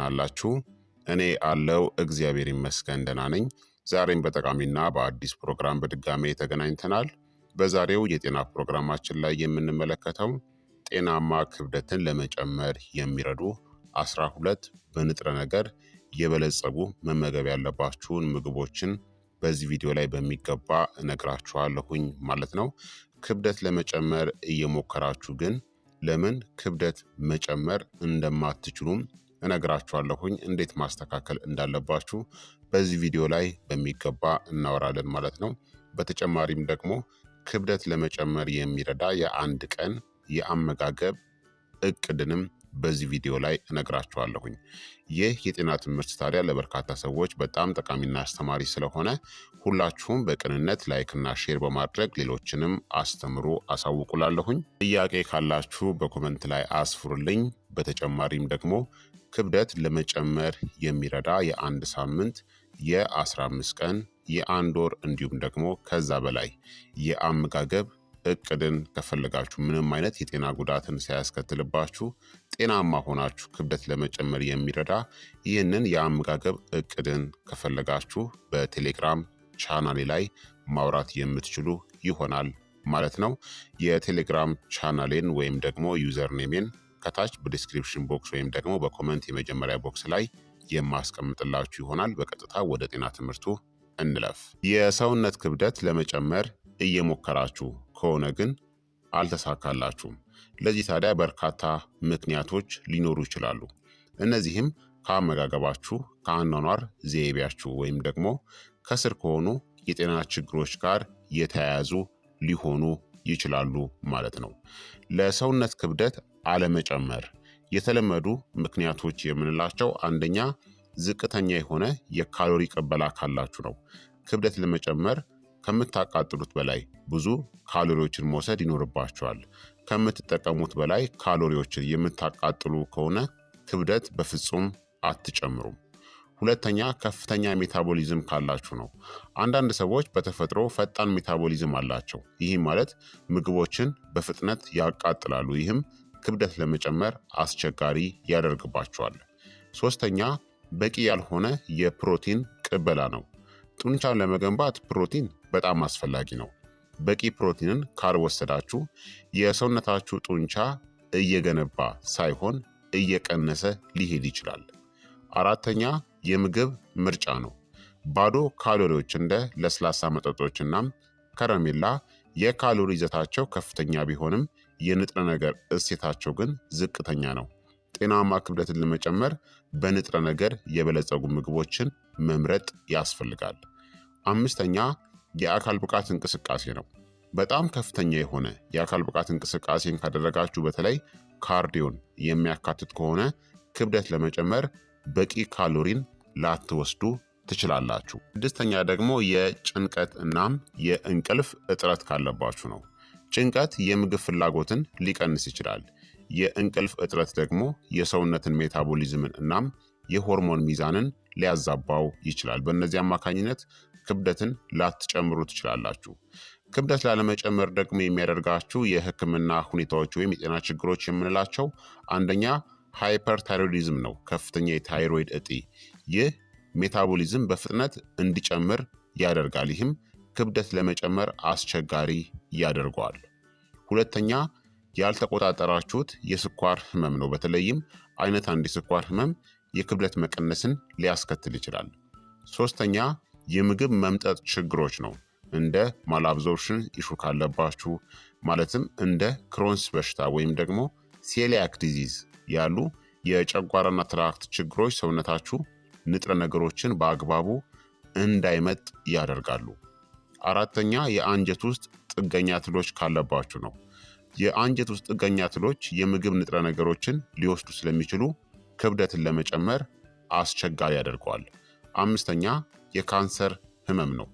ናላችሁ እኔ አለው እግዚአብሔር ይመስገን ደህና ነኝ። ዛሬም በጠቃሚና በአዲስ ፕሮግራም በድጋሜ ተገናኝተናል። በዛሬው የጤና ፕሮግራማችን ላይ የምንመለከተው ጤናማ ክብደትን ለመጨመር የሚረዱ አስራ ሁለት በንጥረ ነገር የበለጸጉ መመገብ ያለባችሁን ምግቦችን በዚህ ቪዲዮ ላይ በሚገባ እነግራችኋለሁኝ ማለት ነው። ክብደት ለመጨመር እየሞከራችሁ ግን ለምን ክብደት መጨመር እንደማትችሉም እነግራችኋለሁኝ እንዴት ማስተካከል እንዳለባችሁ በዚህ ቪዲዮ ላይ በሚገባ እናወራለን ማለት ነው። በተጨማሪም ደግሞ ክብደት ለመጨመር የሚረዳ የአንድ ቀን የአመጋገብ እቅድንም በዚህ ቪዲዮ ላይ እነግራችኋለሁኝ። ይህ የጤና ትምህርት ታዲያ ለበርካታ ሰዎች በጣም ጠቃሚና አስተማሪ ስለሆነ ሁላችሁም በቅንነት ላይክና ሼር በማድረግ ሌሎችንም አስተምሩ አሳውቁላለሁኝ። ጥያቄ ካላችሁ በኮመንት ላይ አስፍሩልኝ። በተጨማሪም ደግሞ ክብደት ለመጨመር የሚረዳ የአንድ ሳምንት የ15 ቀን የአንድ ወር እንዲሁም ደግሞ ከዛ በላይ የአመጋገብ እቅድን ከፈለጋችሁ ምንም አይነት የጤና ጉዳትን ሳያስከትልባችሁ ጤናማ ሆናችሁ ክብደት ለመጨመር የሚረዳ ይህንን የአመጋገብ እቅድን ከፈለጋችሁ በቴሌግራም ቻናሌ ላይ ማውራት የምትችሉ ይሆናል ማለት ነው። የቴሌግራም ቻናሌን ወይም ደግሞ ዩዘርኔሜን ከታች በዲስክሪፕሽን ቦክስ ወይም ደግሞ በኮመንት የመጀመሪያ ቦክስ ላይ የማስቀምጥላችሁ ይሆናል። በቀጥታ ወደ ጤና ትምህርቱ እንለፍ። የሰውነት ክብደት ለመጨመር እየሞከራችሁ ከሆነ ግን አልተሳካላችሁም። ለዚህ ታዲያ በርካታ ምክንያቶች ሊኖሩ ይችላሉ። እነዚህም ከአመጋገባችሁ፣ ከአኗኗር ዘይቤያችሁ ወይም ደግሞ ከስር ከሆኑ የጤና ችግሮች ጋር የተያያዙ ሊሆኑ ይችላሉ ማለት ነው። ለሰውነት ክብደት አለመጨመር የተለመዱ ምክንያቶች የምንላቸው አንደኛ ዝቅተኛ የሆነ የካሎሪ ቅበላ ካላችሁ ነው። ክብደት ለመጨመር ከምታቃጥሉት በላይ ብዙ ካሎሪዎችን መውሰድ ይኖርባችኋል። ከምትጠቀሙት በላይ ካሎሪዎችን የምታቃጥሉ ከሆነ ክብደት በፍጹም አትጨምሩም። ሁለተኛ ከፍተኛ ሜታቦሊዝም ካላችሁ ነው። አንዳንድ ሰዎች በተፈጥሮ ፈጣን ሜታቦሊዝም አላቸው። ይህም ማለት ምግቦችን በፍጥነት ያቃጥላሉ። ይህም ክብደት ለመጨመር አስቸጋሪ ያደርግባቸዋል። ሶስተኛ በቂ ያልሆነ የፕሮቲን ቅበላ ነው። ጡንቻን ለመገንባት ፕሮቲን በጣም አስፈላጊ ነው። በቂ ፕሮቲንን ካልወሰዳችሁ የሰውነታችሁ ጡንቻ እየገነባ ሳይሆን እየቀነሰ ሊሄድ ይችላል። አራተኛ የምግብ ምርጫ ነው። ባዶ ካሎሪዎች እንደ ለስላሳ መጠጦችና ከረሜላ የካሎሪ ይዘታቸው ከፍተኛ ቢሆንም የንጥረ ነገር እሴታቸው ግን ዝቅተኛ ነው። ጤናማ ክብደትን ለመጨመር በንጥረ ነገር የበለጸጉ ምግቦችን መምረጥ ያስፈልጋል። አምስተኛ የአካል ብቃት እንቅስቃሴ ነው። በጣም ከፍተኛ የሆነ የአካል ብቃት እንቅስቃሴን ካደረጋችሁ በተለይ ካርዲዮን የሚያካትት ከሆነ ክብደት ለመጨመር በቂ ካሎሪን ላትወስዱ ትችላላችሁ። ስድስተኛ ደግሞ የጭንቀት እናም የእንቅልፍ እጥረት ካለባችሁ ነው። ጭንቀት የምግብ ፍላጎትን ሊቀንስ ይችላል። የእንቅልፍ እጥረት ደግሞ የሰውነትን ሜታቦሊዝምን እናም የሆርሞን ሚዛንን ሊያዛባው ይችላል። በእነዚህ አማካኝነት ክብደትን ላትጨምሩ ትችላላችሁ። ክብደት ላለመጨመር ደግሞ የሚያደርጋችሁ የህክምና ሁኔታዎች ወይም የጤና ችግሮች የምንላቸው አንደኛ ሃይፐርታይሮይዲዝም ነው፣ ከፍተኛ የታይሮይድ እጢ። ይህ ሜታቦሊዝም በፍጥነት እንዲጨምር ያደርጋል። ይህም ክብደት ለመጨመር አስቸጋሪ ያደርገዋል። ሁለተኛ ያልተቆጣጠራችሁት የስኳር ህመም ነው። በተለይም አይነት አንድ የስኳር ህመም የክብደት መቀነስን ሊያስከትል ይችላል። ሶስተኛ የምግብ መምጠጥ ችግሮች ነው። እንደ ማላብዞርሽን ኢሹ ካለባችሁ ማለትም እንደ ክሮንስ በሽታ ወይም ደግሞ ሴሊያክ ዲዚዝ ያሉ የጨጓራና ትራክት ችግሮች ሰውነታችሁ ንጥረ ነገሮችን በአግባቡ እንዳይመጥ ያደርጋሉ። አራተኛ የአንጀት ውስጥ ጥገኛ ትሎች ካለባችሁ ነው። የአንጀት ውስጥ ጥገኛ ትሎች የምግብ ንጥረ ነገሮችን ሊወስዱ ስለሚችሉ ክብደትን ለመጨመር አስቸጋሪ ያደርገዋል። አምስተኛ የካንሰር ህመም ነው።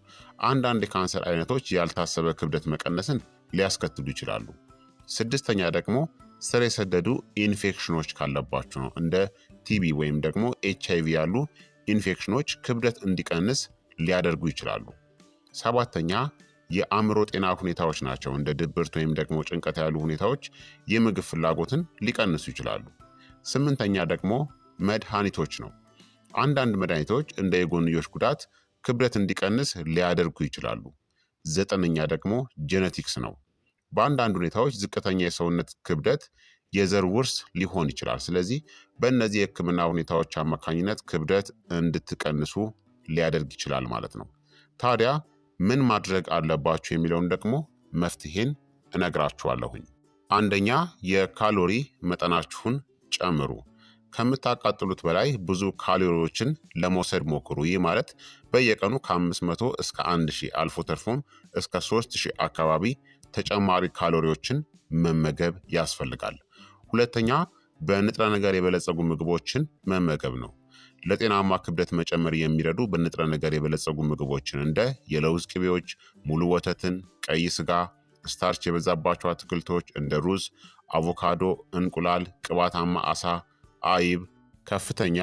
አንዳንድ የካንሰር አይነቶች ያልታሰበ ክብደት መቀነስን ሊያስከትሉ ይችላሉ። ስድስተኛ ደግሞ ስር የሰደዱ ኢንፌክሽኖች ካለባችሁ ነው። እንደ ቲቢ ወይም ደግሞ ኤች አይቪ ያሉ ኢንፌክሽኖች ክብደት እንዲቀንስ ሊያደርጉ ይችላሉ። ሰባተኛ የአእምሮ ጤና ሁኔታዎች ናቸው። እንደ ድብርት ወይም ደግሞ ጭንቀት ያሉ ሁኔታዎች የምግብ ፍላጎትን ሊቀንሱ ይችላሉ። ስምንተኛ ደግሞ መድኃኒቶች ነው። አንዳንድ መድኃኒቶች እንደ የጎንዮሽ ጉዳት ክብደት እንዲቀንስ ሊያደርጉ ይችላሉ። ዘጠነኛ ደግሞ ጄኔቲክስ ነው። በአንዳንድ ሁኔታዎች ዝቅተኛ የሰውነት ክብደት የዘር ውርስ ሊሆን ይችላል። ስለዚህ በእነዚህ የህክምና ሁኔታዎች አማካኝነት ክብደት እንድትቀንሱ ሊያደርግ ይችላል ማለት ነው። ታዲያ ምን ማድረግ አለባችሁ የሚለውን ደግሞ መፍትሄን እነግራችኋለሁኝ። አንደኛ የካሎሪ መጠናችሁን ጨምሩ። ከምታቃጥሉት በላይ ብዙ ካሎሪዎችን ለመውሰድ ሞክሩ። ይህ ማለት በየቀኑ ከ500 እስከ 1000 አልፎ ተርፎም እስከ 3000 አካባቢ ተጨማሪ ካሎሪዎችን መመገብ ያስፈልጋል። ሁለተኛ በንጥረ ነገር የበለጸጉ ምግቦችን መመገብ ነው። ለጤናማ ክብደት መጨመር የሚረዱ በንጥረ ነገር የበለጸጉ ምግቦችን እንደ የለውዝ ቅቤዎች፣ ሙሉ ወተትን፣ ቀይ ስጋ፣ ስታርች የበዛባቸው አትክልቶች እንደ ሩዝ፣ አቮካዶ፣ እንቁላል፣ ቅባታማ አሳ፣ አይብ፣ ከፍተኛ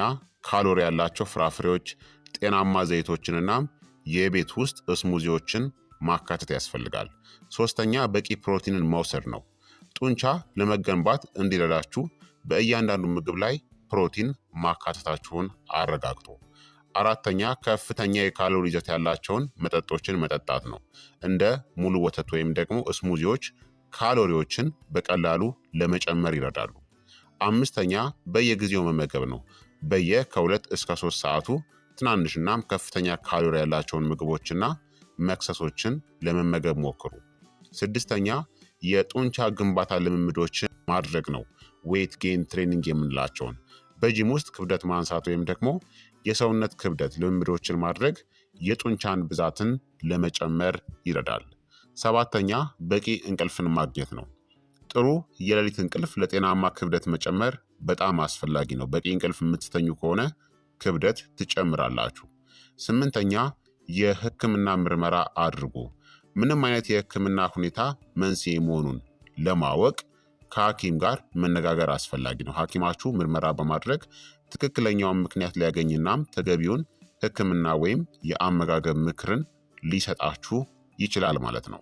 ካሎሪ ያላቸው ፍራፍሬዎች፣ ጤናማ ዘይቶችንና የቤት ውስጥ እስሙዚዎችን ማካተት ያስፈልጋል። ሶስተኛ በቂ ፕሮቲንን መውሰድ ነው። ጡንቻ ለመገንባት እንዲረዳችሁ በእያንዳንዱ ምግብ ላይ ፕሮቲን ማካተታችሁን አረጋግጡ። አራተኛ ከፍተኛ የካሎሪ ይዘት ያላቸውን መጠጦችን መጠጣት ነው። እንደ ሙሉ ወተት ወይም ደግሞ እስሙዚዎች ካሎሪዎችን በቀላሉ ለመጨመር ይረዳሉ። አምስተኛ በየጊዜው መመገብ ነው። በየ ከሁለት እስከ ሶስት ሰዓቱ ትናንሽናም ከፍተኛ ካሎሪ ያላቸውን ምግቦችና መክሰሶችን ለመመገብ ሞክሩ። ስድስተኛ የጡንቻ ግንባታ ልምምዶችን ማድረግ ነው፣ ዌይት ጌን ትሬኒንግ የምንላቸውን በጂም ውስጥ ክብደት ማንሳት ወይም ደግሞ የሰውነት ክብደት ልምምዶችን ማድረግ የጡንቻን ብዛትን ለመጨመር ይረዳል። ሰባተኛ በቂ እንቅልፍን ማግኘት ነው። ጥሩ የሌሊት እንቅልፍ ለጤናማ ክብደት መጨመር በጣም አስፈላጊ ነው። በቂ እንቅልፍ የምትተኙ ከሆነ ክብደት ትጨምራላችሁ። ስምንተኛ የህክምና ምርመራ አድርጉ። ምንም አይነት የህክምና ሁኔታ መንስኤ መሆኑን ለማወቅ ከሐኪም ጋር መነጋገር አስፈላጊ ነው። ሐኪማችሁ ምርመራ በማድረግ ትክክለኛውን ምክንያት ሊያገኝናም ተገቢውን ሕክምና ወይም የአመጋገብ ምክርን ሊሰጣችሁ ይችላል ማለት ነው።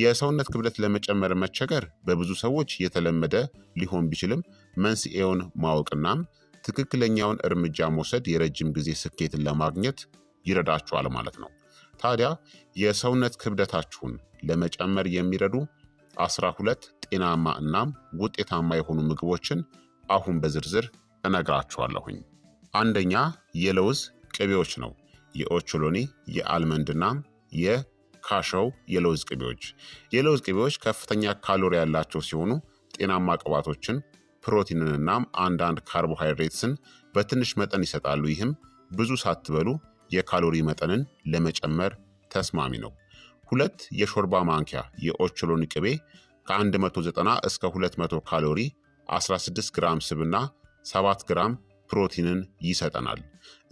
የሰውነት ክብደት ለመጨመር መቸገር በብዙ ሰዎች የተለመደ ሊሆን ቢችልም መንስኤውን ማወቅናም ትክክለኛውን እርምጃ መውሰድ የረጅም ጊዜ ስኬትን ለማግኘት ይረዳችኋል ማለት ነው። ታዲያ የሰውነት ክብደታችሁን ለመጨመር የሚረዱ አስራ ሁለት ጤናማ እናም ውጤታማ የሆኑ ምግቦችን አሁን በዝርዝር እነግራችኋለሁኝ። አንደኛ የለውዝ ቅቤዎች ነው። የኦቾሎኒ የአልመንድናም የካሸው የለውዝ ቅቤዎች። የለውዝ ቅቤዎች ከፍተኛ ካሎሪ ያላቸው ሲሆኑ ጤናማ ቅባቶችን፣ እናም አንዳንድ ካርቦሃይድሬትስን በትንሽ መጠን ይሰጣሉ። ይህም ብዙ ሳትበሉ የካሎሪ መጠንን ለመጨመር ተስማሚ ነው። ሁለት የሾርባ ማንኪያ የኦቾሎኒ ቅቤ ከ190 እስከ 200 ካሎሪ፣ 16 ግራም ስብና 7 ግራም ፕሮቲንን ይሰጠናል።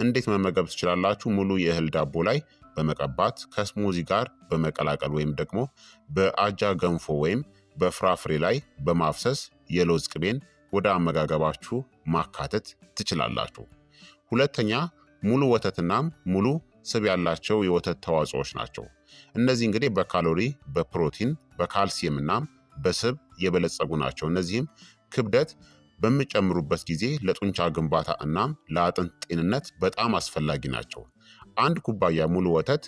እንዴት መመገብ ትችላላችሁ? ሙሉ የእህል ዳቦ ላይ በመቀባት ከስሙዚ ጋር በመቀላቀል ወይም ደግሞ በአጃ ገንፎ ወይም በፍራፍሬ ላይ በማፍሰስ የለውዝ ቅቤን ወደ አመጋገባችሁ ማካተት ትችላላችሁ። ሁለተኛ ሙሉ ወተትናም ሙሉ ስብ ያላቸው የወተት ተዋጽኦች ናቸው። እነዚህ እንግዲህ በካሎሪ በፕሮቲን በካልሲየምናም በስብ የበለጸጉ ናቸው። እነዚህም ክብደት በሚጨምሩበት ጊዜ ለጡንቻ ግንባታ እናም ለአጥንት ጤንነት በጣም አስፈላጊ ናቸው። አንድ ኩባያ ሙሉ ወተት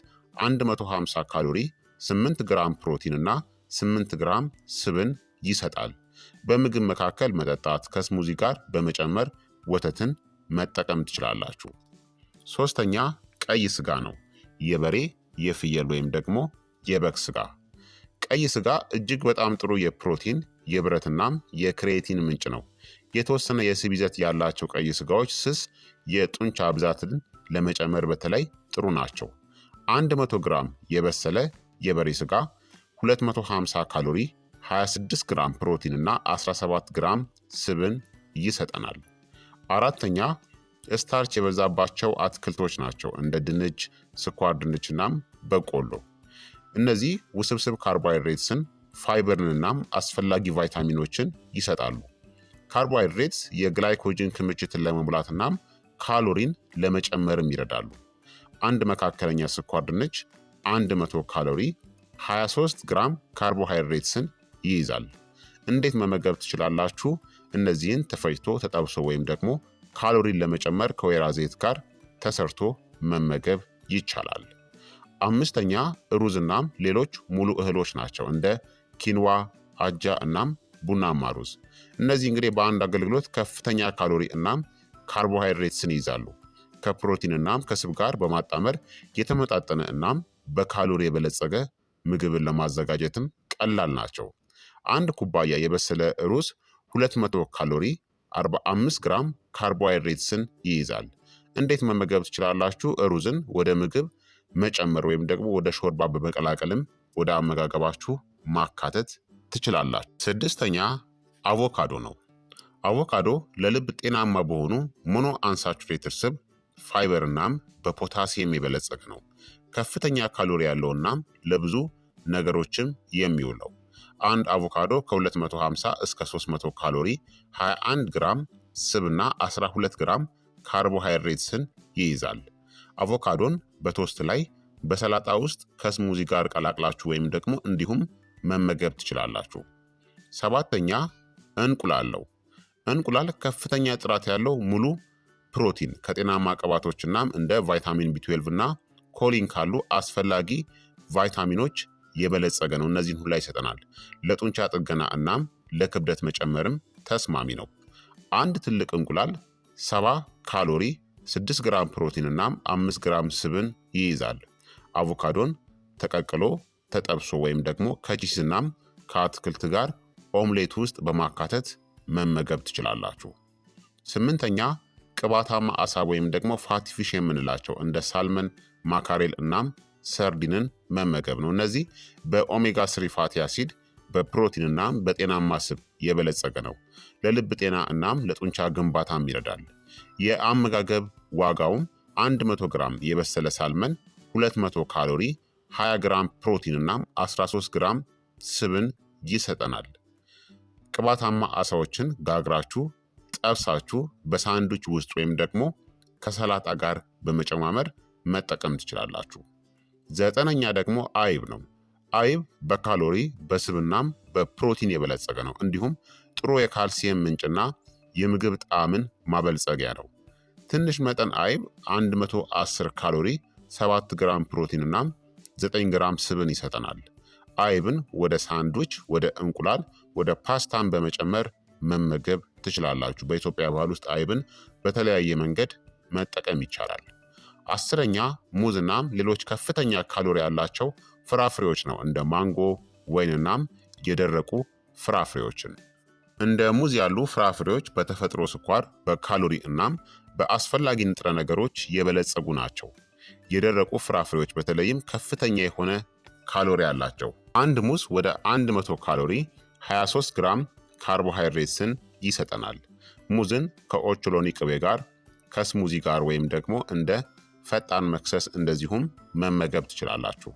150 ካሎሪ፣ 8 ግራም ፕሮቲን እና 8 ግራም ስብን ይሰጣል። በምግብ መካከል መጠጣት ከስሙዚ ጋር በመጨመር ወተትን መጠቀም ትችላላችሁ። ሶስተኛ ቀይ ስጋ ነው። የበሬ የፍየል ወይም ደግሞ የበግ ስጋ ቀይ ስጋ እጅግ በጣም ጥሩ የፕሮቲን የብረትናም የክሬቲን ምንጭ ነው። የተወሰነ የስብ ይዘት ያላቸው ቀይ ስጋዎች ስስ የጡንቻ ብዛትን ለመጨመር በተለይ ጥሩ ናቸው። 100 ግራም የበሰለ የበሬ ስጋ 250 ካሎሪ፣ 26 ግራም ፕሮቲን እና 17 ግራም ስብን ይሰጠናል። አራተኛ ስታርች የበዛባቸው አትክልቶች ናቸው እንደ ድንች፣ ስኳር ድንችናም በቆሎ እነዚህ ውስብስብ ካርቦሃይድሬትስን ፋይበርንናም አስፈላጊ ቫይታሚኖችን ይሰጣሉ። ካርቦሃይድሬትስ የግላይኮጅን ክምችትን ለመሙላትናም ካሎሪን ለመጨመርም ይረዳሉ። አንድ መካከለኛ ስኳር ድንች 100 ካሎሪ 23 ግራም ካርቦሃይድሬትስን ይይዛል። እንዴት መመገብ ትችላላችሁ? እነዚህን ተፈጭቶ ተጠብሶ ወይም ደግሞ ካሎሪን ለመጨመር ከወይራ ዘይት ጋር ተሰርቶ መመገብ ይቻላል። አምስተኛ ሩዝና ሌሎች ሙሉ እህሎች ናቸው እንደ ኪንዋ፣ አጃ እናም ቡናማ ሩዝ። እነዚህ እንግዲህ በአንድ አገልግሎት ከፍተኛ ካሎሪ እናም ካርቦሃይድሬትስን ይይዛሉ። ከፕሮቲን እናም ከስብ ጋር በማጣመር የተመጣጠነ እናም በካሎሪ የበለጸገ ምግብን ለማዘጋጀትም ቀላል ናቸው። አንድ ኩባያ የበሰለ ሩዝ 200 ካሎሪ 45 ግራም ካርቦሃይድሬትስን ይይዛል። እንዴት መመገብ ትችላላችሁ? ሩዝን ወደ ምግብ መጨመር ወይም ደግሞ ወደ ሾርባ በመቀላቀልም ወደ አመጋገባችሁ ማካተት ትችላላችሁ። ስድስተኛ አቮካዶ ነው። አቮካዶ ለልብ ጤናማ በሆኑ ሞኖ አንሳቹሬትድ ስብ ፋይበር እናም በፖታሲየም የበለጸግ ነው። ከፍተኛ ካሎሪ ያለው እናም ለብዙ ነገሮችም የሚውለው አንድ አቮካዶ ከ250 እስከ 300 ካሎሪ፣ 21 ግራም ስብና 12 ግራም ካርቦሃይድሬትስን ይይዛል። አቮካዶን በቶስት ላይ በሰላጣ ውስጥ ከስሙዚ ጋር ቀላቅላችሁ ወይም ደግሞ እንዲሁም መመገብ ትችላላችሁ። ሰባተኛ እንቁላል ነው። እንቁላል ከፍተኛ ጥራት ያለው ሙሉ ፕሮቲን ከጤናማ ቅባቶች እናም እንደ ቫይታሚን ቢ12 እና ኮሊን ካሉ አስፈላጊ ቫይታሚኖች የበለጸገ ነው። እነዚህን ሁላ ይሰጠናል። ለጡንቻ ጥገና እናም ለክብደት መጨመርም ተስማሚ ነው። አንድ ትልቅ እንቁላል ሰባ ካሎሪ 6 ግራም ፕሮቲንና 5 ግራም ስብን ይይዛል። አቮካዶን ተቀቅሎ ተጠብሶ ወይም ደግሞ ከቺስናም ከአትክልት ጋር ኦምሌት ውስጥ በማካተት መመገብ ትችላላችሁ። ስምንተኛ ቅባታማ አሳ ወይም ደግሞ ፋቲፊሽ የምንላቸው እንደ ሳልመን፣ ማካሬል እናም ሰርዲንን መመገብ ነው። እነዚህ በኦሜጋ ስሪ ፋቲ አሲድ በፕሮቲን እናም በጤናማ ስብ የበለጸገ ነው። ለልብ ጤና እናም ለጡንቻ ግንባታም ይረዳል። የአመጋገብ ዋጋውም 100 ግራም የበሰለ ሳልመን 200 ካሎሪ፣ 20 ግራም ፕሮቲን እናም 13 ግራም ስብን ይሰጠናል። ቅባታማ አሳዎችን ጋግራችሁ ጠብሳችሁ በሳንዱች ውስጥ ወይም ደግሞ ከሰላጣ ጋር በመጨማመር መጠቀም ትችላላችሁ። ዘጠነኛ ደግሞ አይብ ነው። አይብ በካሎሪ በስብናም በፕሮቲን የበለጸገ ነው። እንዲሁም ጥሩ የካልሲየም ምንጭና የምግብ ጣዕምን ማበልጸጊያ ነው። ትንሽ መጠን አይብ 110 ካሎሪ፣ 7 ግራም ፕሮቲን እናም 9 ግራም ስብን ይሰጠናል። አይብን ወደ ሳንድዊች፣ ወደ እንቁላል፣ ወደ ፓስታን በመጨመር መመገብ ትችላላችሁ። በኢትዮጵያ ባህል ውስጥ አይብን በተለያየ መንገድ መጠቀም ይቻላል። አስረኛ ሙዝ እናም ሌሎች ከፍተኛ ካሎሪ ያላቸው ፍራፍሬዎች ነው። እንደ ማንጎ፣ ወይን የደረቁ ፍራፍሬዎችን እንደ ሙዝ ያሉ ፍራፍሬዎች በተፈጥሮ ስኳር፣ በካሎሪ እናም በአስፈላጊ ንጥረ ነገሮች የበለጸጉ ናቸው። የደረቁ ፍራፍሬዎች በተለይም ከፍተኛ የሆነ ካሎሪ አላቸው። አንድ ሙዝ ወደ 100 ካሎሪ 23 ግራም ካርቦሃይድሬትስን ይሰጠናል። ሙዝን ከኦቾሎኒ ቅቤ ጋር ከስሙዚ ጋር ወይም ደግሞ እንደ ፈጣን መክሰስ እንደዚሁም መመገብ ትችላላችሁ።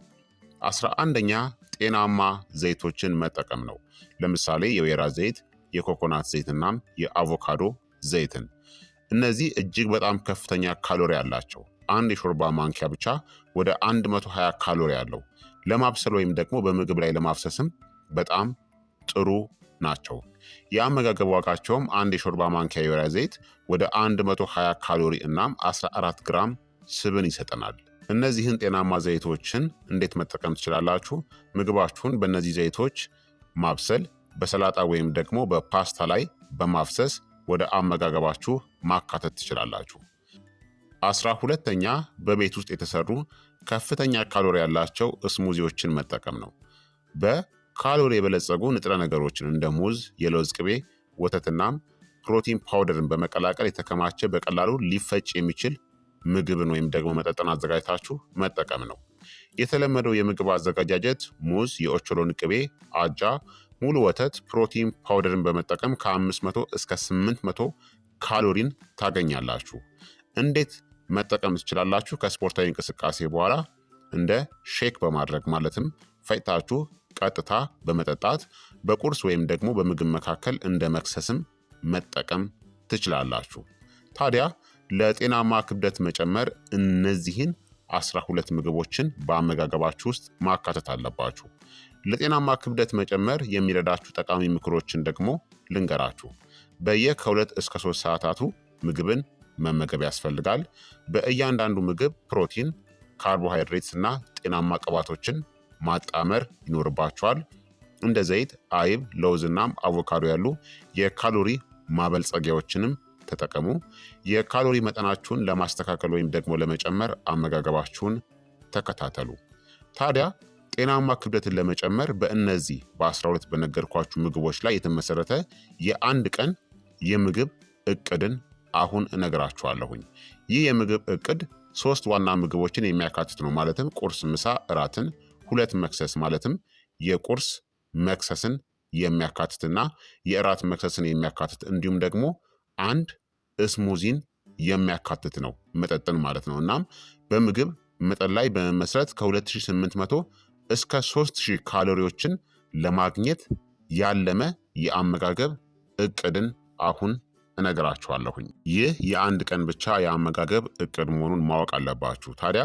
አስራ አንደኛ ጤናማ ዘይቶችን መጠቀም ነው። ለምሳሌ የወይራ ዘይት፣ የኮኮናት ዘይትናም የአቮካዶ ዘይትን እነዚህ እጅግ በጣም ከፍተኛ ካሎሪ አላቸው። አንድ የሾርባ ማንኪያ ብቻ ወደ 120 ካሎሪ አለው። ለማብሰል ወይም ደግሞ በምግብ ላይ ለማፍሰስም በጣም ጥሩ ናቸው። የአመጋገብ ዋጋቸውም አንድ የሾርባ ማንኪያ የወይራ ዘይት ወደ 120 ካሎሪ እናም 14 ግራም ስብን ይሰጠናል። እነዚህን ጤናማ ዘይቶችን እንዴት መጠቀም ትችላላችሁ? ምግባችሁን በእነዚህ ዘይቶች ማብሰል፣ በሰላጣ ወይም ደግሞ በፓስታ ላይ በማፍሰስ ወደ አመጋገባችሁ ማካተት ትችላላችሁ። አስራ ሁለተኛ በቤት ውስጥ የተሰሩ ከፍተኛ ካሎሪ ያላቸው እስሙዚዎችን መጠቀም ነው። በካሎሪ የበለጸጉ ንጥረ ነገሮችን እንደ ሙዝ፣ የለውዝ ቅቤ፣ ወተትናም ፕሮቲን ፓውደርን በመቀላቀል የተከማቸ በቀላሉ ሊፈጭ የሚችል ምግብን ወይም ደግሞ መጠጥን አዘጋጅታችሁ መጠቀም ነው። የተለመደው የምግብ አዘገጃጀት ሙዝ፣ የኦቾሎን ቅቤ፣ አጃ ሙሉ ወተት ፕሮቲን ፓውደርን በመጠቀም ከ500 እስከ 800 ካሎሪን ታገኛላችሁ። እንዴት መጠቀም ትችላላችሁ? ከስፖርታዊ እንቅስቃሴ በኋላ እንደ ሼክ በማድረግ ማለትም ፈጭታችሁ ቀጥታ በመጠጣት በቁርስ ወይም ደግሞ በምግብ መካከል እንደ መክሰስም መጠቀም ትችላላችሁ። ታዲያ ለጤናማ ክብደት መጨመር እነዚህን አስራ ሁለት ምግቦችን በአመጋገባችሁ ውስጥ ማካተት አለባችሁ። ለጤናማ ክብደት መጨመር የሚረዳችሁ ጠቃሚ ምክሮችን ደግሞ ልንገራችሁ። በየ ከሁለት እስከ ሶስት ሰዓታቱ ምግብን መመገብ ያስፈልጋል። በእያንዳንዱ ምግብ ፕሮቲን፣ ካርቦሃይድሬትስ እና ጤናማ ቅባቶችን ማጣመር ይኖርባቸዋል። እንደ ዘይት፣ አይብ፣ ለውዝ እናም አቮካዶ ያሉ የካሎሪ ማበልጸጊያዎችንም ተጠቀሙ። የካሎሪ መጠናችሁን ለማስተካከል ወይም ደግሞ ለመጨመር አመጋገባችሁን ተከታተሉ። ታዲያ ጤናማ ክብደትን ለመጨመር በእነዚህ በ12 በነገርኳችሁ ምግቦች ላይ የተመሰረተ የአንድ ቀን የምግብ እቅድን አሁን እነግራችኋለሁኝ። ይህ የምግብ እቅድ ሶስት ዋና ምግቦችን የሚያካትት ነው። ማለትም ቁርስ፣ ምሳ፣ እራትን፣ ሁለት መክሰስ ማለትም የቁርስ መክሰስን የሚያካትትና የእራት መክሰስን የሚያካትት እንዲሁም ደግሞ አንድ እስሙዚን የሚያካትት ነው መጠጥን ማለት ነው። እናም በምግብ መጠን ላይ በመመስረት ከ2800 እስከ 3000 ካሎሪዎችን ለማግኘት ያለመ የአመጋገብ እቅድን አሁን እነግራችኋለሁኝ። ይህ የአንድ ቀን ብቻ የአመጋገብ እቅድ መሆኑን ማወቅ አለባችሁ። ታዲያ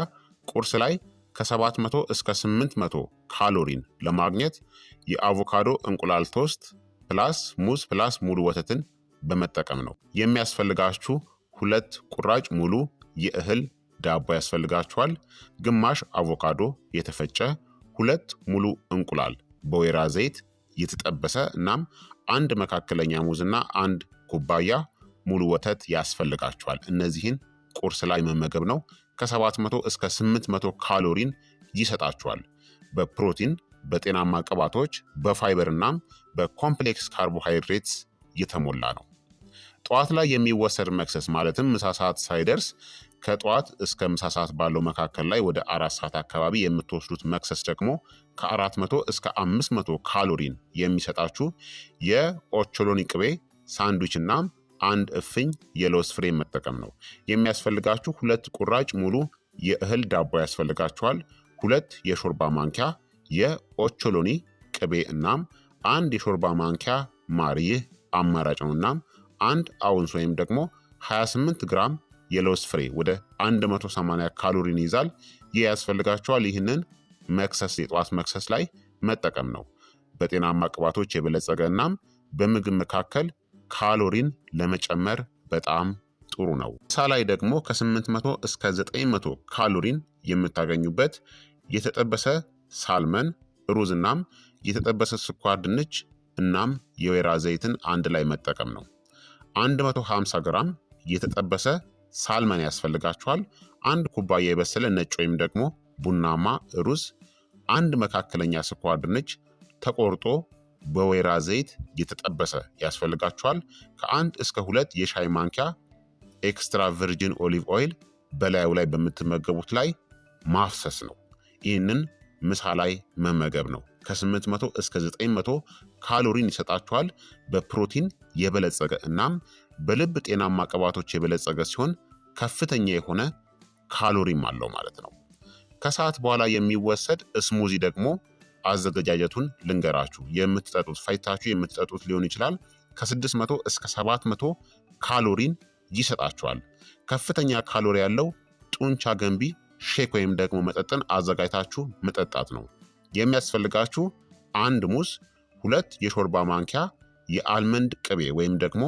ቁርስ ላይ ከ700 እስከ 800 ካሎሪን ለማግኘት የአቮካዶ እንቁላል ቶስት ፕላስ ሙዝ ፕላስ ሙሉ ወተትን በመጠቀም ነው። የሚያስፈልጋችሁ ሁለት ቁራጭ ሙሉ የእህል ዳቦ ያስፈልጋችኋል፣ ግማሽ አቮካዶ የተፈጨ ሁለት ሙሉ እንቁላል በወይራ ዘይት የተጠበሰ እናም አንድ መካከለኛ ሙዝና አንድ ኩባያ ሙሉ ወተት ያስፈልጋቸዋል። እነዚህን ቁርስ ላይ መመገብ ነው። ከ700 እስከ 800 ካሎሪን ይሰጣቸዋል። በፕሮቲን በጤናማ ቅባቶች በፋይበር እናም በኮምፕሌክስ ካርቦሃይድሬትስ የተሞላ ነው። ጠዋት ላይ የሚወሰድ መክሰስ ማለትም ምሳ ሰዓት ሳይደርስ ከጠዋት እስከ ምሳ ሰዓት ባለው መካከል ላይ ወደ አራት ሰዓት አካባቢ የምትወስዱት መክሰስ ደግሞ ከአራት መቶ እስከ 500 መቶ ካሎሪን የሚሰጣችሁ የኦቾሎኒ ቅቤ ሳንዱች እናም አንድ እፍኝ የለውዝ ፍሬ መጠቀም ነው። የሚያስፈልጋችሁ ሁለት ቁራጭ ሙሉ የእህል ዳቦ ያስፈልጋችኋል። ሁለት የሾርባ ማንኪያ የኦቾሎኒ ቅቤ እናም አንድ የሾርባ ማንኪያ ማር፣ ይህ አማራጭ ነው። እናም አንድ አውንስ ወይም ደግሞ 28 ግራም የለውዝ ፍሬ ወደ 180 ካሎሪን ይይዛል። ይህ ያስፈልጋቸዋል። ይህንን መክሰስ የጠዋት መክሰስ ላይ መጠቀም ነው። በጤናማ ቅባቶች የበለጸገ እናም በምግብ መካከል ካሎሪን ለመጨመር በጣም ጥሩ ነው። ምሳ ላይ ደግሞ ከ800 እስከ 900 ካሎሪን የምታገኙበት የተጠበሰ ሳልመን፣ ሩዝ እናም የተጠበሰ ስኳር ድንች እናም የወይራ ዘይትን አንድ ላይ መጠቀም ነው። 150 ግራም የተጠበሰ ሳልመን ያስፈልጋችኋል። አንድ ኩባያ የበሰለ ነጭ ወይም ደግሞ ቡናማ ሩዝ፣ አንድ መካከለኛ ስኳር ድንች ተቆርጦ በወይራ ዘይት የተጠበሰ ያስፈልጋችኋል። ከአንድ እስከ ሁለት የሻይ ማንኪያ ኤክስትራ ቨርጂን ኦሊቭ ኦይል በላዩ ላይ በምትመገቡት ላይ ማፍሰስ ነው። ይህንን ምሳ ላይ መመገብ ነው። ከ800 እስከ 900 ካሎሪን ይሰጣችኋል። በፕሮቲን የበለጸገ እናም በልብ ጤናማ ቅባቶች የበለጸገ ሲሆን ከፍተኛ የሆነ ካሎሪም አለው ማለት ነው። ከሰዓት በኋላ የሚወሰድ እስሙዚ ደግሞ አዘገጃጀቱን ልንገራችሁ። የምትጠጡት ፋይታችሁ የምትጠጡት ሊሆን ይችላል። ከ600 እስከ 700 ካሎሪን ይሰጣችኋል። ከፍተኛ ካሎሪ ያለው ጡንቻ ገንቢ ሼክ ወይም ደግሞ መጠጥን አዘጋጅታችሁ መጠጣት ነው። የሚያስፈልጋችሁ አንድ ሙዝ፣ ሁለት የሾርባ ማንኪያ የአልመንድ ቅቤ ወይም ደግሞ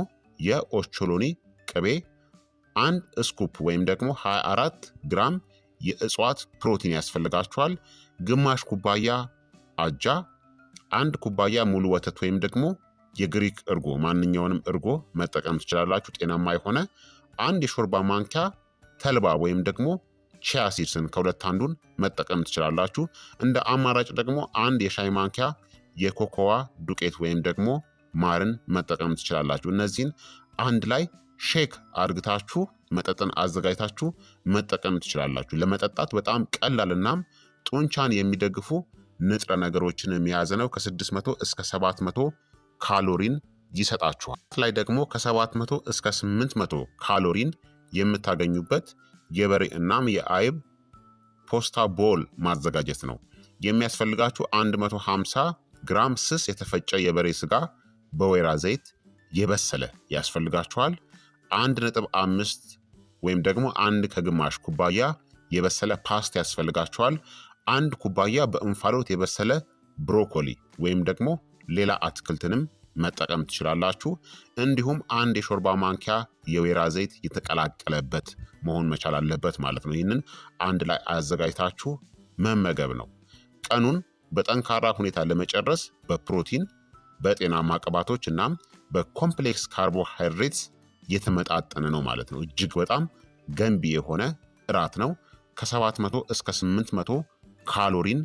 የኦቾሎኒ ቅቤ፣ አንድ ስኩፕ ወይም ደግሞ 24 ግራም የእጽዋት ፕሮቲን ያስፈልጋችኋል። ግማሽ ኩባያ አጃ፣ አንድ ኩባያ ሙሉ ወተት ወይም ደግሞ የግሪክ እርጎ፣ ማንኛውንም እርጎ መጠቀም ትችላላችሁ፣ ጤናማ የሆነ አንድ የሾርባ ማንኪያ ተልባ ወይም ደግሞ ቺያሲድስን ከሁለት አንዱን መጠቀም ትችላላችሁ። እንደ አማራጭ ደግሞ አንድ የሻይ ማንኪያ የኮኮዋ ዱቄት ወይም ደግሞ ማርን መጠቀም ትችላላችሁ። እነዚህን አንድ ላይ ሼክ አድርግታችሁ መጠጥን አዘጋጅታችሁ መጠቀም ትችላላችሁ። ለመጠጣት በጣም ቀላል እናም ጡንቻን የሚደግፉ ንጥረ ነገሮችን የያዘ ነው። ከ600 እስከ 700 ካሎሪን ይሰጣችኋል። ላይ ደግሞ ከ700 እስከ 800 ካሎሪን የምታገኙበት የበሬ እናም የአይብ ፖስታ ቦል ማዘጋጀት ነው። የሚያስፈልጋችሁ 150 ግራም ስስ የተፈጨ የበሬ ስጋ በወይራ ዘይት የበሰለ ያስፈልጋችኋል። 1.5 ወይም ደግሞ አንድ ከግማሽ ኩባያ የበሰለ ፓስታ ያስፈልጋችኋል። አንድ ኩባያ በእንፋሎት የበሰለ ብሮኮሊ ወይም ደግሞ ሌላ አትክልትንም መጠቀም ትችላላችሁ። እንዲሁም አንድ የሾርባ ማንኪያ የወይራ ዘይት የተቀላቀለበት መሆን መቻል አለበት ማለት ነው። ይህንን አንድ ላይ አዘጋጅታችሁ መመገብ ነው። ቀኑን በጠንካራ ሁኔታ ለመጨረስ በፕሮቲን በጤናማ ቅባቶች እናም በኮምፕሌክስ ካርቦሃይድሬትስ የተመጣጠነ ነው ማለት ነው። እጅግ በጣም ገንቢ የሆነ እራት ነው። ከ700 እስከ 800 ካሎሪን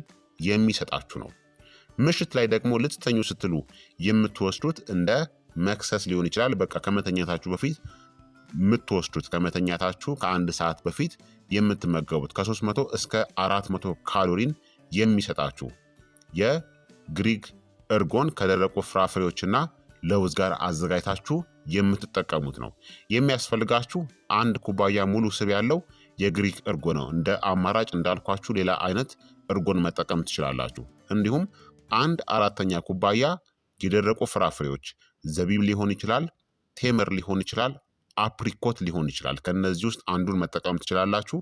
የሚሰጣችሁ ነው። ምሽት ላይ ደግሞ ልትተኙ ስትሉ የምትወስዱት እንደ መክሰስ ሊሆን ይችላል። በቃ ከመተኛታችሁ በፊት የምትወስዱት ከመተኛታችሁ ከአንድ ሰዓት በፊት የምትመገቡት ከ300 እስከ 400 ካሎሪን የሚሰጣችሁ የግሪክ እርጎን ከደረቁ ፍራፍሬዎችና ለውዝ ጋር አዘጋጅታችሁ የምትጠቀሙት ነው። የሚያስፈልጋችሁ አንድ ኩባያ ሙሉ ስብ ያለው የግሪክ እርጎ ነው። እንደ አማራጭ እንዳልኳችሁ ሌላ አይነት እርጎን መጠቀም ትችላላችሁ። እንዲሁም አንድ አራተኛ ኩባያ የደረቁ ፍራፍሬዎች ዘቢብ ሊሆን ይችላል፣ ቴምር ሊሆን ይችላል፣ አፕሪኮት ሊሆን ይችላል። ከእነዚህ ውስጥ አንዱን መጠቀም ትችላላችሁ።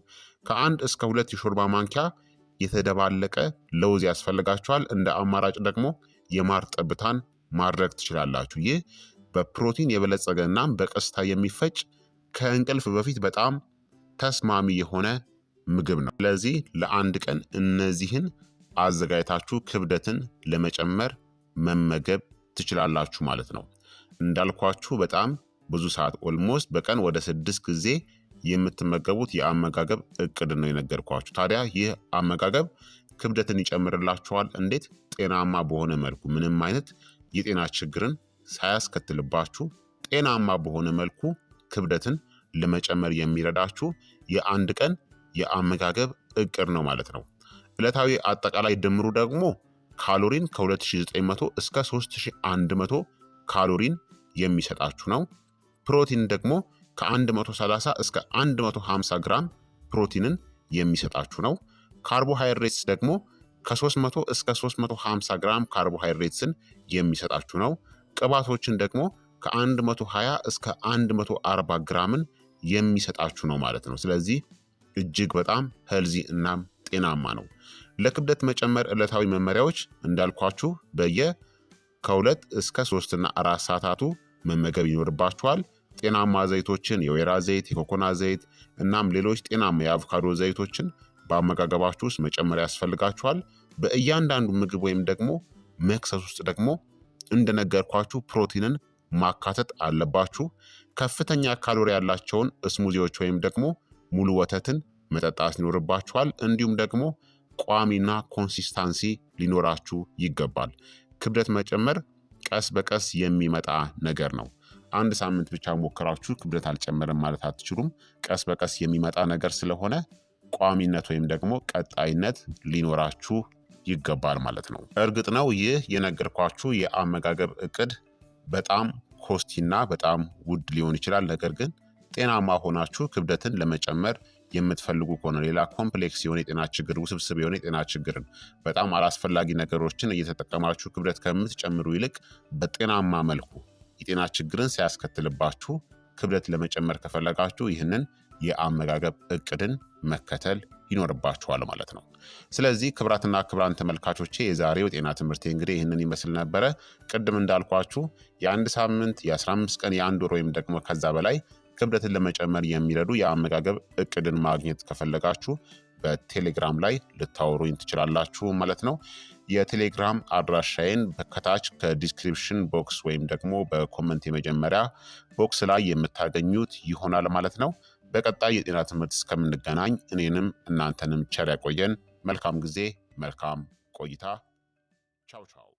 ከአንድ እስከ ሁለት የሾርባ ማንኪያ የተደባለቀ ለውዝ ያስፈልጋችኋል። እንደ አማራጭ ደግሞ የማር ጠብታን ማድረግ ትችላላችሁ። ይህ በፕሮቲን የበለጸገ እናም በቀስታ የሚፈጭ ከእንቅልፍ በፊት በጣም ተስማሚ የሆነ ምግብ ነው። ስለዚህ ለአንድ ቀን እነዚህን አዘጋጅታችሁ ክብደትን ለመጨመር መመገብ ትችላላችሁ ማለት ነው። እንዳልኳችሁ በጣም ብዙ ሰዓት ኦልሞስት በቀን ወደ ስድስት ጊዜ የምትመገቡት የአመጋገብ እቅድ ነው የነገርኳችሁ። ታዲያ ይህ አመጋገብ ክብደትን ይጨምርላችኋል። እንዴት? ጤናማ በሆነ መልኩ ምንም አይነት የጤና ችግርን ሳያስከትልባችሁ ጤናማ በሆነ መልኩ ክብደትን ለመጨመር የሚረዳችሁ የአንድ ቀን የአመጋገብ እቅድ ነው ማለት ነው። ዕለታዊ አጠቃላይ ድምሩ ደግሞ ካሎሪን ከ2900 እስከ 3100 ካሎሪን የሚሰጣችሁ ነው። ፕሮቲን ደግሞ ከ130 እስከ 150 ግራም ፕሮቲንን የሚሰጣችሁ ነው። ካርቦሃይድሬትስ ደግሞ ከ300 እስከ 350 ግራም ካርቦሃይድሬትስን የሚሰጣችሁ ነው። ቅባቶችን ደግሞ ከ120 እስከ 140 ግራምን የሚሰጣችሁ ነው ማለት ነው። ስለዚህ እጅግ በጣም ሄልዚ እናም ጤናማ ነው። ለክብደት መጨመር ዕለታዊ መመሪያዎች እንዳልኳችሁ በየ ከሁለት እስከ ሶስትና አራት ሰዓታቱ መመገብ ይኖርባችኋል። ጤናማ ዘይቶችን የወይራ ዘይት፣ የኮኮና ዘይት እናም ሌሎች ጤናማ የአቮካዶ ዘይቶችን በአመጋገባችሁ ውስጥ መጨመር ያስፈልጋችኋል። በእያንዳንዱ ምግብ ወይም ደግሞ መክሰስ ውስጥ ደግሞ እንደነገርኳችሁ ፕሮቲንን ማካተት አለባችሁ። ከፍተኛ ካሎሪ ያላቸውን እስሙዚዎች ወይም ደግሞ ሙሉ ወተትን መጠጣት ይኖርባችኋል። እንዲሁም ደግሞ ቋሚና ኮንሲስታንሲ ሊኖራችሁ ይገባል። ክብደት መጨመር ቀስ በቀስ የሚመጣ ነገር ነው። አንድ ሳምንት ብቻ ሞክራችሁ ክብደት አልጨመረም ማለት አትችሉም። ቀስ በቀስ የሚመጣ ነገር ስለሆነ ቋሚነት ወይም ደግሞ ቀጣይነት ሊኖራችሁ ይገባል ማለት ነው። እርግጥ ነው ይህ የነገርኳችሁ የአመጋገብ እቅድ በጣም ኮስቲና በጣም ውድ ሊሆን ይችላል። ነገር ግን ጤናማ ሆናችሁ ክብደትን ለመጨመር የምትፈልጉ ከሆነ ሌላ ኮምፕሌክስ የሆነ የጤና ችግር ውስብስብ የሆነ የጤና ችግርን በጣም አላስፈላጊ ነገሮችን እየተጠቀማችሁ ክብደት ከምትጨምሩ ይልቅ በጤናማ መልኩ የጤና ችግርን ሳያስከትልባችሁ ክብደት ለመጨመር ከፈለጋችሁ ይህንን የአመጋገብ እቅድን መከተል ይኖርባችኋል ማለት ነው። ስለዚህ ክብራትና ክብራን ተመልካቾቼ የዛሬው ጤና ትምህርቴ እንግዲህ ይህንን ይመስል ነበረ። ቅድም እንዳልኳችሁ የአንድ ሳምንት፣ የ15 ቀን፣ የአንድ ወር ወይም ደግሞ ከዛ በላይ ክብደትን ለመጨመር የሚረዱ የአመጋገብ እቅድን ማግኘት ከፈለጋችሁ በቴሌግራም ላይ ልታወሩኝ ትችላላችሁ ማለት ነው። የቴሌግራም አድራሻዬን ከታች ከዲስክሪፕሽን ቦክስ ወይም ደግሞ በኮመንት የመጀመሪያ ቦክስ ላይ የምታገኙት ይሆናል ማለት ነው። በቀጣይ የጤና ትምህርት እስከምንገናኝ እኔንም እናንተንም ቸር ያቆየን። መልካም ጊዜ፣ መልካም ቆይታ። ቻው ቻው።